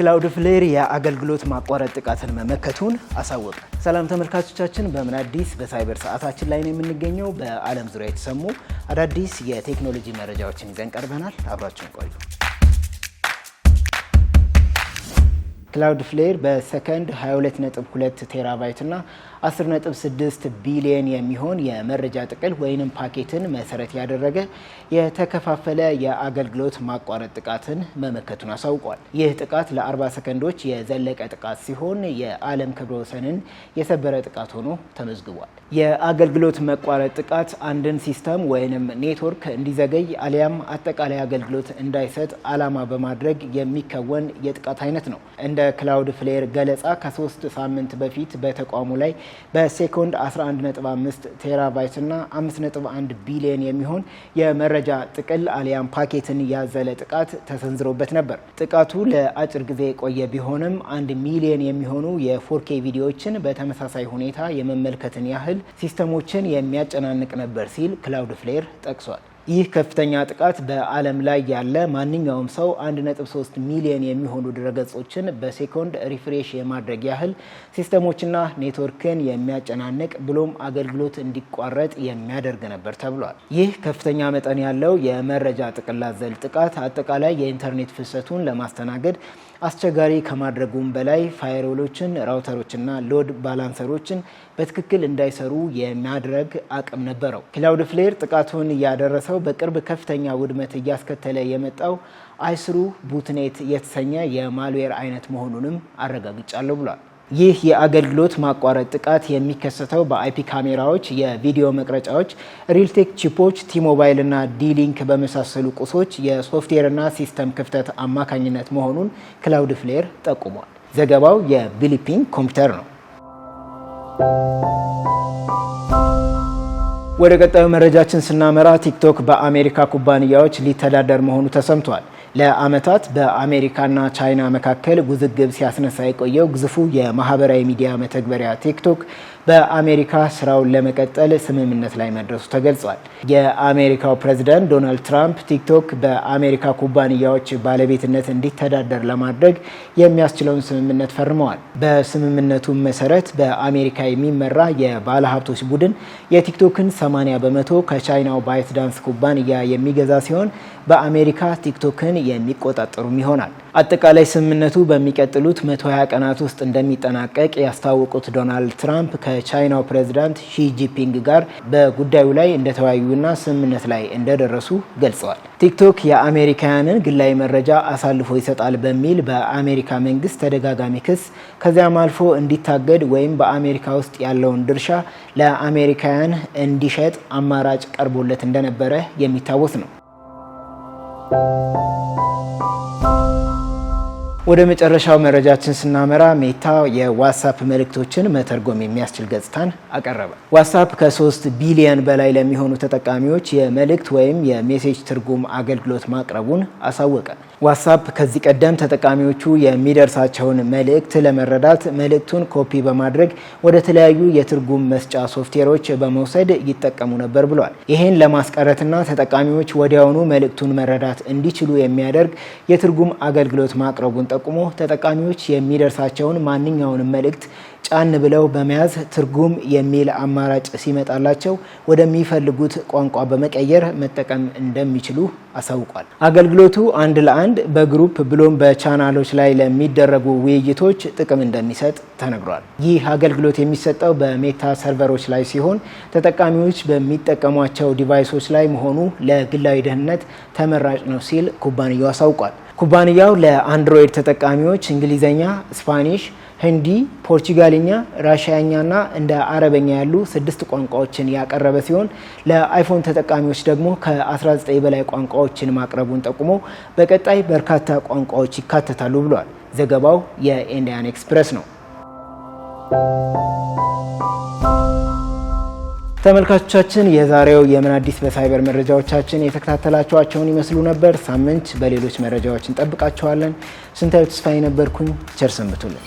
ክላውድ ፍሌር የአገልግሎት ማቋረጥ ጥቃትን መመከቱን አሳወቀ። ሰላም ተመልካቾቻችን፣ በምን አዲስ በሳይበር ሰዓታችን ላይ ነው የምንገኘው። በዓለም ዙሪያ የተሰሙ አዳዲስ የቴክኖሎጂ መረጃዎችን ይዘን ቀርበናል። አብራችሁን ቆዩ። ክላውድ ፍሌር በሰከንድ 22.2 ቴራባይት እና 10.6 ቢሊየን የሚሆን የመረጃ ጥቅል ወይንም ፓኬትን መሰረት ያደረገ የተከፋፈለ የአገልግሎት ማቋረጥ ጥቃትን መመከቱን አሳውቋል። ይህ ጥቃት ለ40 ሰከንዶች የዘለቀ ጥቃት ሲሆን የዓለም ክብረ ወሰንን የሰበረ ጥቃት ሆኖ ተመዝግቧል። የአገልግሎት መቋረጥ ጥቃት አንድን ሲስተም ወይንም ኔትወርክ እንዲዘገይ አሊያም አጠቃላይ አገልግሎት እንዳይሰጥ ዓላማ በማድረግ የሚከወን የጥቃት አይነት ነው። እንደ ክላውድ ፍሌር ገለጻ ከሶስት ሳምንት በፊት በተቋሙ ላይ በሴኮንድ 11.5 ቴራባይት እና 5.1 ቢሊዮን የሚሆን የመረጃ ጥቅል አሊያም ፓኬትን ያዘለ ጥቃት ተሰንዝሮበት ነበር። ጥቃቱ ለአጭር ጊዜ የቆየ ቢሆንም አንድ ሚሊዮን የሚሆኑ የፎርኬ ቪዲዮዎችን በተመሳሳይ ሁኔታ የመመልከትን ያህል ሲስተሞችን የሚያጨናንቅ ነበር ሲል ክላውድ ፍሌር ጠቅሷል። ይህ ከፍተኛ ጥቃት በዓለም ላይ ያለ ማንኛውም ሰው 1.3 ሚሊዮን የሚሆኑ ድረገጾችን በሴኮንድ ሪፍሬሽ የማድረግ ያህል ሲስተሞችና ኔትወርክን የሚያጨናንቅ ብሎም አገልግሎት እንዲቋረጥ የሚያደርግ ነበር ተብሏል። ይህ ከፍተኛ መጠን ያለው የመረጃ ጥቅል አዘል ጥቃት አጠቃላይ የኢንተርኔት ፍሰቱን ለማስተናገድ አስቸጋሪ ከማድረጉም በላይ ፋይሮሎችን፣ ራውተሮችና ሎድ ባላንሰሮችን በትክክል እንዳይሰሩ የሚያድረግ አቅም ነበረው። ክላውድ ፍሌር ጥቃቱን እያደረሰው በቅርብ ከፍተኛ ውድመት እያስከተለ የመጣው አይስሩ ቡትኔት የተሰኘ የማልዌር አይነት መሆኑንም አረጋግጫለሁ ብሏል። ይህ የአገልግሎት ማቋረጥ ጥቃት የሚከሰተው በአይፒ ካሜራዎች፣ የቪዲዮ መቅረጫዎች፣ ሪልቴክ ቺፖች፣ ቲሞባይል እና ዲሊንክ በመሳሰሉ ቁሶች የሶፍትዌርና ሲስተም ክፍተት አማካኝነት መሆኑን ክላውድ ፍሌር ጠቁሟል። ዘገባው የቢሊፒን ኮምፒውተር ነው። ወደ ቀጣዩ መረጃችን ስናመራ ቲክቶክ በአሜሪካ ኩባንያዎች ሊተዳደር መሆኑ ተሰምቷል። ለዓመታት በአሜሪካና ቻይና መካከል ውዝግብ ሲያስነሳ የቆየው ግዙፉ የማህበራዊ ሚዲያ መተግበሪያ ቲክቶክ በአሜሪካ ስራውን ለመቀጠል ስምምነት ላይ መድረሱ ተገልጿል። የአሜሪካው ፕሬዝዳንት ዶናልድ ትራምፕ ቲክቶክ በአሜሪካ ኩባንያዎች ባለቤትነት እንዲተዳደር ለማድረግ የሚያስችለውን ስምምነት ፈርመዋል። በስምምነቱ መሰረት በአሜሪካ የሚመራ የባለሀብቶች ቡድን የቲክቶክን 80 በመቶ ከቻይናው ባይትዳንስ ዳንስ ኩባንያ የሚገዛ ሲሆን በአሜሪካ ቲክቶክን የሚቆጣጠሩም ይሆናል። አጠቃላይ ስምምነቱ በሚቀጥሉት 120 ቀናት ውስጥ እንደሚጠናቀቅ ያስታወቁት ዶናልድ ትራምፕ ከቻይናው ፕሬዚዳንት ሺጂፒንግ ጋር በጉዳዩ ላይ እንደተወያዩና ስምምነት ላይ እንደደረሱ ገልጸዋል። ቲክቶክ የአሜሪካውያንን ግላዊ መረጃ አሳልፎ ይሰጣል በሚል በአሜሪካ መንግስት ተደጋጋሚ ክስ ከዚያም አልፎ እንዲታገድ ወይም በአሜሪካ ውስጥ ያለውን ድርሻ ለአሜሪካውያን እንዲሸጥ አማራጭ ቀርቦለት እንደነበረ የሚታወስ ነው። ወደ መጨረሻው መረጃችን ስናመራ ሜታ የዋትሳፕ መልእክቶችን መተርጎም የሚያስችል ገጽታን አቀረበ። ዋትሳፕ ከሶስት ቢሊየን በላይ ለሚሆኑ ተጠቃሚዎች የመልእክት ወይም የሜሴጅ ትርጉም አገልግሎት ማቅረቡን አሳወቀ። ዋትሳፕ ከዚህ ቀደም ተጠቃሚዎቹ የሚደርሳቸውን መልእክት ለመረዳት መልእክቱን ኮፒ በማድረግ ወደ ተለያዩ የትርጉም መስጫ ሶፍትዌሮች በመውሰድ ይጠቀሙ ነበር ብሏል። ይህን ለማስቀረትና ተጠቃሚዎች ወዲያውኑ መልእክቱን መረዳት እንዲችሉ የሚያደርግ የትርጉም አገልግሎት ማቅረቡን ተጠቁሞ ተጠቃሚዎች የሚደርሳቸውን ማንኛውንም መልእክት ጫን ብለው በመያዝ ትርጉም የሚል አማራጭ ሲመጣላቸው ወደሚፈልጉት ቋንቋ በመቀየር መጠቀም እንደሚችሉ አሳውቋል። አገልግሎቱ አንድ ለአንድ በግሩፕ ብሎም በቻናሎች ላይ ለሚደረጉ ውይይቶች ጥቅም እንደሚሰጥ ተነግሯል። ይህ አገልግሎት የሚሰጠው በሜታ ሰርቨሮች ላይ ሲሆን ተጠቃሚዎች በሚጠቀሟቸው ዲቫይሶች ላይ መሆኑ ለግላዊ ደህንነት ተመራጭ ነው ሲል ኩባንያው አሳውቋል። ኩባንያው ለአንድሮይድ ተጠቃሚዎች እንግሊዝኛ፣ ስፓኒሽ ህንዲ፣ ፖርቹጋልኛ፣ ራሽያኛ እንደ አረበኛ ያሉ ስድስት ቋንቋዎችን ያቀረበ ሲሆን ለአይፎን ተጠቃሚዎች ደግሞ ከ19 በላይ ቋንቋዎችን ማቅረቡን ጠቁሞ በቀጣይ በርካታ ቋንቋዎች ይካተታሉ ብሏል። ዘገባው የኢንዲያን ኤክስፕረስ ነው። ተመልካቾቻችን የዛሬው የምን አዲስ በሳይበር መረጃዎቻችን የተከታተላችኋቸውን ይመስሉ ነበር። ሳምንት በሌሎች መረጃዎች እንጠብቃችኋለን። ስንታዩ ተስፋዬ ነበርኩኝ። ቸር ሰንብቱልን።